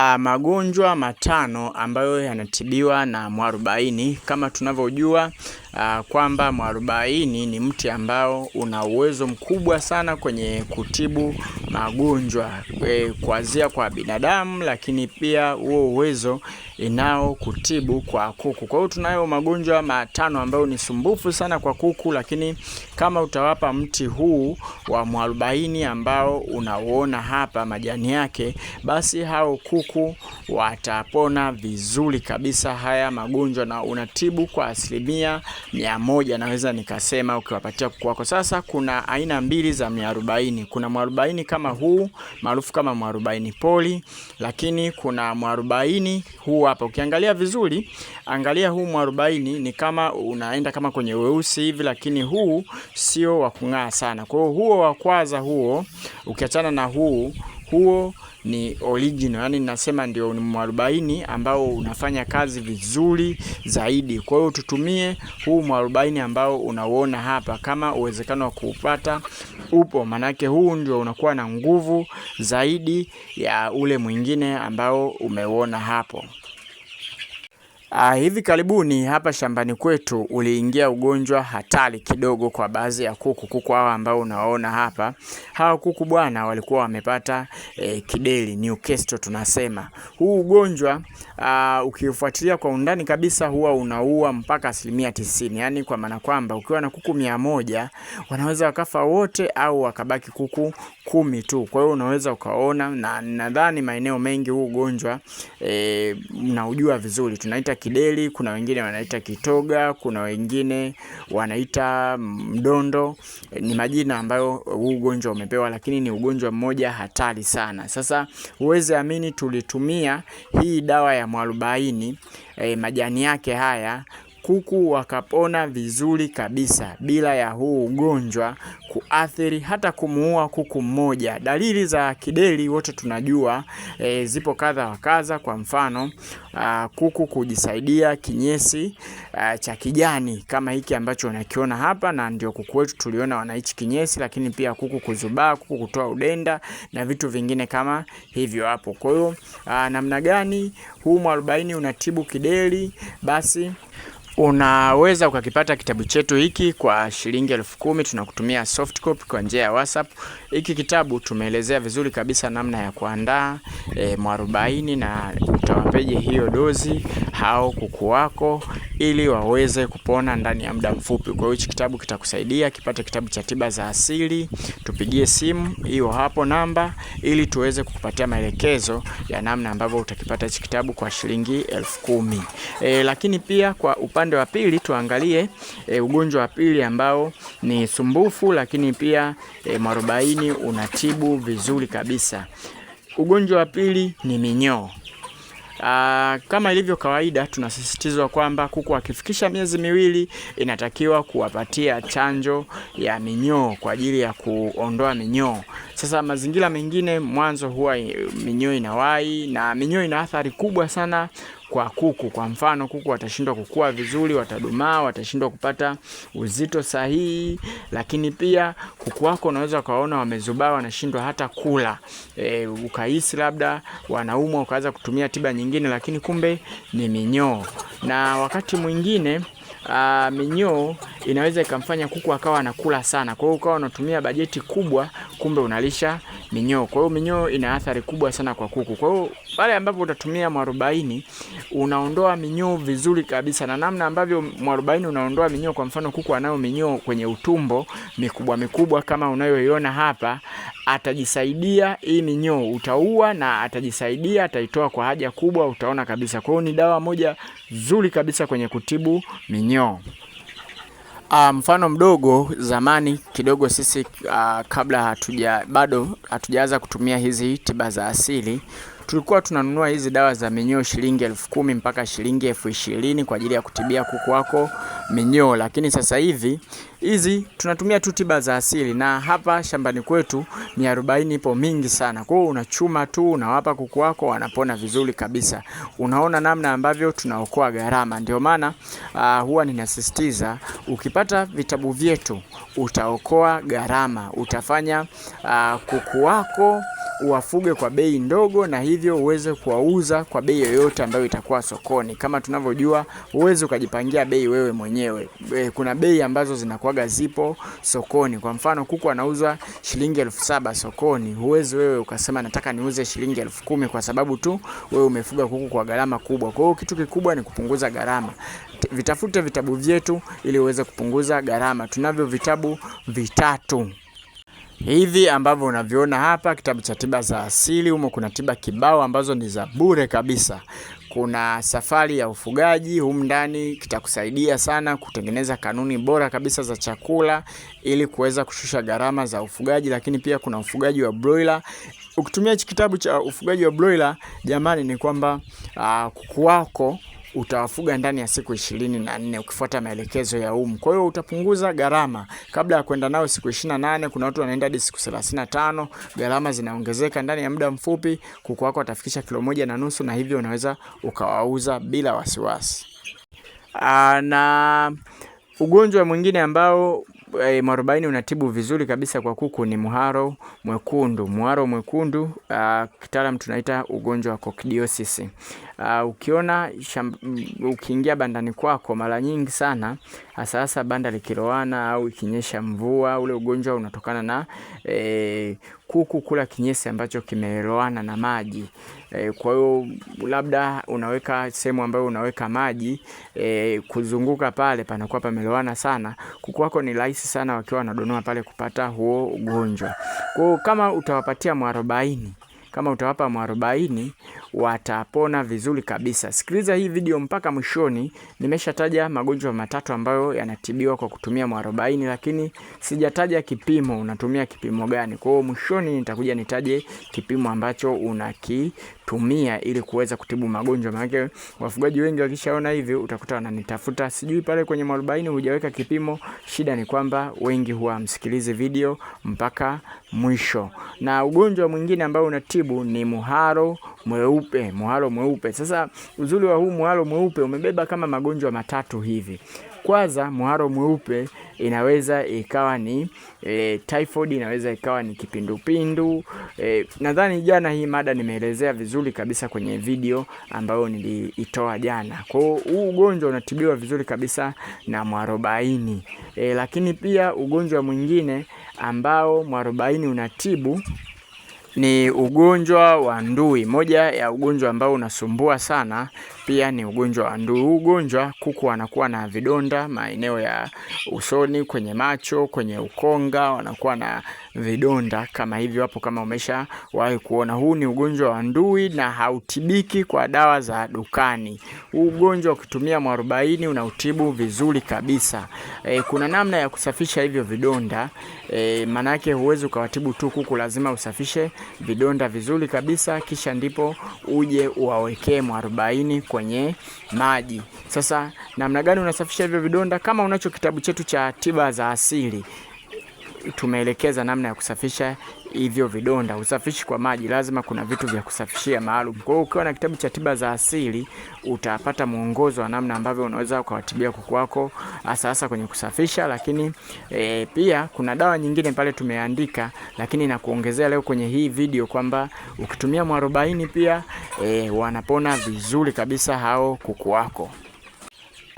Ah, magonjwa matano ambayo yanatibiwa na mwarobaini kama tunavyojua ah, kwamba mwarobaini ni mti ambao una uwezo mkubwa sana kwenye kutibu magonjwa e, kuanzia kwa binadamu, lakini pia huo uwezo inao kutibu kwa kuku. Kwa hiyo tunayo magonjwa matano ambayo ni sumbufu sana kwa kuku, lakini kama utawapa mti huu wa mwarobaini ambao unauona hapa majani yake, basi hao kuku watapona vizuri kabisa haya magonjwa, na unatibu kwa asilimia mia moja naweza nikasema ukiwapatia kuku wako. Sasa kuna aina mbili za mwarobaini, kuna mwarobaini kama kama huu maarufu kama mwarobaini poli, lakini kuna mwarobaini huu hapa. Ukiangalia vizuri, angalia huu mwarobaini ni kama unaenda kama kwenye weusi hivi, lakini huu sio wa kung'aa sana. Kwa hiyo huo wa kwanza huo, ukiachana na huu huo ni original, yani ninasema ndio ni mwarobaini ambao unafanya kazi vizuri zaidi. Kwa hiyo tutumie huu mwarobaini ambao unauona hapa kama uwezekano wa kuupata upo, manake huu ndio unakuwa na nguvu zaidi ya ule mwingine ambao umeuona hapo. Ah, hivi karibuni hapa shambani kwetu uliingia ugonjwa hatari kidogo kwa baadhi ya kuku. Kuku hawa ambao unaona hapa, hawa kuku bwana walikuwa wamepata eh, kideli Newcastle tunasema. Huu ugonjwa uh, ukifuatilia kwa undani kabisa huwa unaua mpaka asilimia tisini, Yani kwa maana kwamba ukiwa na kuku mia moja wanaweza wakafa wote au wakabaki kuku kumi tu. Kwa hiyo unaweza ukaona, na nadhani maeneo mengi huu ugonjwa e, unaujua vizuri, tunaita kideli, kuna wengine wanaita kitoga, kuna wengine wanaita mdondo. E, ni majina ambayo huu ugonjwa umepewa, lakini ni ugonjwa mmoja hatari sana. Sasa huwezi amini, tulitumia hii dawa ya mwarobaini e, eh, majani yake haya kuku wakapona vizuri kabisa bila ya huu ugonjwa kuathiri hata kumuua kuku mmoja. Dalili za kideri wote tunajua e, zipo kadha wa kadha. Kwa mfano a, kuku kujisaidia kinyesi cha kijani kama hiki ambacho unakiona hapa, na ndio kuku wetu tuliona wanaichi kinyesi, lakini pia kuku kuzubaa, kuku kutoa udenda na vitu vingine kama hivyo hapo. Kwa hiyo namna gani huu mwarobaini unatibu kideri basi Unaweza ukakipata kitabu chetu hiki kwa shilingi elfu kumi. Tunakutumia soft copy kwa njia ya WhatsApp. Hiki kitabu tumeelezea vizuri kabisa namna ya kuandaa e, mwarobaini na utawapeje hiyo dozi au kuku wako ili waweze kupona ndani ya muda mfupi. Kwa hiyo hichi kitabu kitakusaidia. Kipate kitabu cha tiba za asili, tupigie simu hiyo hapo namba, ili tuweze kukupatia maelekezo ya namna ambavyo utakipata hichi kitabu kwa shilingi elfu kumi. E, lakini pia kwa upande wa pili tuangalie e, ugonjwa wa pili ambao ni sumbufu, lakini pia e, mwarobaini unatibu vizuri kabisa. Ugonjwa wa pili ni minyoo. Aa, ah, kama ilivyo kawaida tunasisitizwa kwamba kuku akifikisha miezi miwili inatakiwa kuwapatia chanjo ya minyoo kwa ajili ya kuondoa minyoo. Sasa mazingira mengine mwanzo huwa minyoo inawai na minyoo ina athari kubwa sana kwa kuku. Kwa mfano, kuku watashindwa kukua vizuri, watadumaa, watashindwa kupata uzito sahihi, lakini pia kuku wako unaweza ukaona wamezubaa, wanashindwa hata kula e, ukahisi labda wanaumwa, ukaanza kutumia tiba nyingine, lakini kumbe ni minyoo. Na wakati mwingine uh, minyoo inaweza ikamfanya kuku akawa anakula sana, kwa hiyo ukawa unatumia bajeti kubwa, kumbe unalisha minyoo. Kwa hiyo minyoo ina athari kubwa sana kwa kuku. Kwa hiyo pale ambapo utatumia mwarobaini unaondoa minyoo vizuri kabisa, na namna ambavyo mwarobaini unaondoa minyoo, kwa mfano kuku anayo minyoo kwenye utumbo mikubwa mikubwa kama unayoiona hapa, atajisaidia hii minyoo utaua, na atajisaidia ataitoa kwa haja kubwa, utaona kabisa. Kwa hiyo ni dawa moja nzuri kabisa kwenye kutibu minyoo minyoo. Uh, ah, mfano mdogo zamani kidogo sisi uh, kabla hatuja bado hatujaanza kutumia hizi tiba za asili tulikuwa tunanunua hizi dawa za minyoo shilingi elfu kumi mpaka shilingi elfu ishirini kwa ajili ya kutibia kuku wako minyoo, lakini sasa hivi hizi tunatumia tu tiba za asili, na hapa shambani kwetu ni arobaini ipo mingi sana. Kwa hiyo unachuma tu unawapa kuku wako, wanapona vizuri kabisa. Unaona namna ambavyo tunaokoa gharama. Ndio maana uh, huwa ninasisitiza ukipata vitabu vyetu utaokoa gharama, utafanya uh, kuku wako uwafuge kwa bei ndogo na hivyo uweze kuwauza kwa bei yoyote ambayo itakuwa sokoni. Kama tunavyojua, uweze ukajipangia bei wewe mwenyewe. E, kuna bei ambazo zinakuwaga zipo sokoni. Kwa mfano, kuku anauzwa shilingi elfu saba sokoni, huwezi wewe ukasema nataka niuze shilingi elfu kumi kwa sababu tu wewe umefuga kuku kwa gharama kubwa. Kwa hiyo kitu kikubwa ni kupunguza gharama. Vitafute vitabu vyetu ili uweze kupunguza gharama. Tunavyo vitabu vitatu hivi ambavyo unaviona hapa, kitabu cha tiba za asili. Humo kuna tiba kibao ambazo ni za bure kabisa. Kuna safari ya ufugaji humu ndani, kitakusaidia sana kutengeneza kanuni bora kabisa za chakula ili kuweza kushusha gharama za ufugaji, lakini pia kuna ufugaji wa broiler. Ukitumia hichi kitabu cha ufugaji wa broiler, jamani, ni kwamba ah, kuku wako utawafuga ndani ya siku ishirini na nne ukifuata maelekezo ya umu Kwa hiyo utapunguza gharama kabla ya kwenda nao siku ishirini na nane. Kuna watu wanaenda hadi siku thelathini na tano, gharama zinaongezeka. Ndani ya muda mfupi kuku wako watafikisha kilo moja na nusu, na hivyo unaweza ukawauza bila wasiwasi. Aa, na ugonjwa mwingine ambao e, mwarobaini unatibu vizuri kabisa kwa kuku ni mharo mwekundu. Muharo mwekundu ah, kitaalam tunaita ugonjwa wa kokidiosis. Ah, ukiona mm, ukiingia bandani kwako mara nyingi sana, hasahasa banda likiloana au ikinyesha mvua, ule ugonjwa unatokana na e, kuku kula kinyesi ambacho kimeloana na maji. E, kwa hiyo labda unaweka sehemu ambayo unaweka maji e, kuzunguka pale panakuwa pameloana sana, kuku wako ni rahisi sana wakiwa wanadonoa pale kupata huo ugonjwa. Kwa hiyo kama utawapatia mwarobaini kama utawapa mwarobaini watapona vizuri kabisa. Sikiliza hii video mpaka mwishoni. Nimeshataja magonjwa matatu ambayo yanatibiwa kwa kutumia mwarobaini, lakini sijataja kipimo, unatumia kipimo gani. Kwa hiyo mwishoni nitakuja nitaje kipimo ambacho unaki tumia ili kuweza kutibu magonjwa. Maana wafugaji wengi wakishaona hivi utakuta wananitafuta, sijui pale kwenye mwarobaini hujaweka kipimo. Shida ni kwamba wengi huwa msikilize video mpaka mwisho. Na ugonjwa mwingine ambao unatibu ni muharo mweupe. Muharo mweupe, sasa uzuri wa huu muharo mweupe umebeba kama magonjwa matatu hivi kwanza mharo mweupe inaweza ikawa ni e, typhoid, inaweza ikawa ni kipindupindu e, nadhani jana hii mada nimeelezea vizuri kabisa kwenye video ambayo niliitoa jana. Kwa hiyo huu ugonjwa unatibiwa vizuri kabisa na mwarobaini e, lakini pia ugonjwa mwingine ambao mwarobaini unatibu ni ugonjwa wa ndui. Moja ya ugonjwa ambao unasumbua sana pia ni ugonjwa wa ndui. ugonjwa kuku wanakuwa na vidonda maeneo ya usoni, kwenye macho, kwenye ukonga, wanakuwa na vidonda kama hivyo hapo, kama wahi kuona. Huu ni ugonjwa wa ndui na hautibiki kwa dawa za dukani. Huu ugonjwa ukitumia mwarobaini unautibu vizuri kabisa. E, kuna namna ya kusafisha hivyo vidonda e, maanake huwezi ukawatibu tu kuku, lazima usafishe vidonda vizuri kabisa, kisha ndipo uje uwawekee mwarobaini kwenye maji. Sasa namna gani unasafisha hivyo vidonda? Kama unacho kitabu chetu cha tiba za asili tumeelekeza namna ya kusafisha hivyo vidonda. Usafishi kwa maji, lazima kuna vitu vya kusafishia maalum. Kwa hiyo ukiwa na kitabu cha tiba za asili utapata mwongozo wa namna ambavyo unaweza ukawatibia kuku wako hasa hasa kwenye kusafisha, lakini e, pia kuna dawa nyingine pale tumeandika, lakini na kuongezea leo kwenye hii video kwamba ukitumia mwarobaini pia e, wanapona vizuri kabisa hao kuku wako.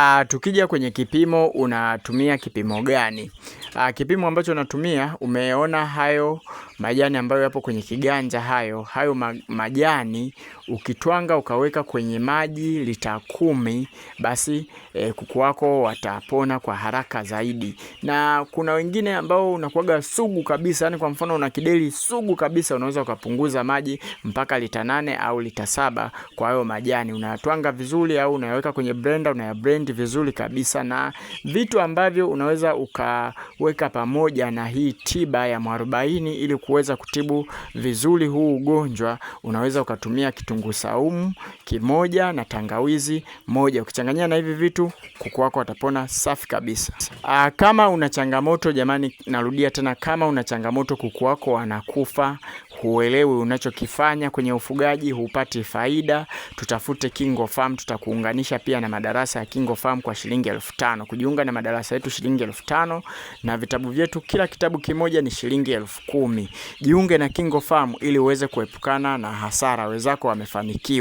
A, tukija kwenye kipimo unatumia kipimo gani? A, kipimo ambacho unatumia umeona hayo majani ambayo yapo kwenye kiganja hayo hayo majani ukitwanga ukaweka kwenye maji lita kumi, basi e, kuku wako watapona kwa haraka zaidi. Na kuna wengine ambao unakuaga sugu kabisa, yani kwa mfano una kideli sugu kabisa, unaweza ukapunguza maji mpaka lita nane au lita saba kwa hayo majani. Unayatwanga vizuri au unayaweka kwenye blender, unayablend vizuri kabisa, na vitu ambavyo unaweza ukaweka pamoja na hii tiba ya mwarobaini ili kuweza kutibu vizuri huu ugonjwa, unaweza ukatumia kitunguu saumu kimoja na tangawizi moja. Ukichanganyia na hivi vitu, kuku wako watapona safi kabisa. Aa, ah, kama una changamoto jamani, narudia tena, kama una changamoto kuku wako wanakufa huelewi unachokifanya kwenye ufugaji, hupati faida, tutafute Kingo Farm. Tutakuunganisha pia na madarasa ya Kingo Farm kwa shilingi elfu tano. Kujiunga na madarasa yetu shilingi elfu tano na vitabu vyetu, kila kitabu kimoja ni shilingi elfu kumi. Jiunge na Kingo Farm ili uweze kuepukana na hasara. Wenzako wamefanikiwa.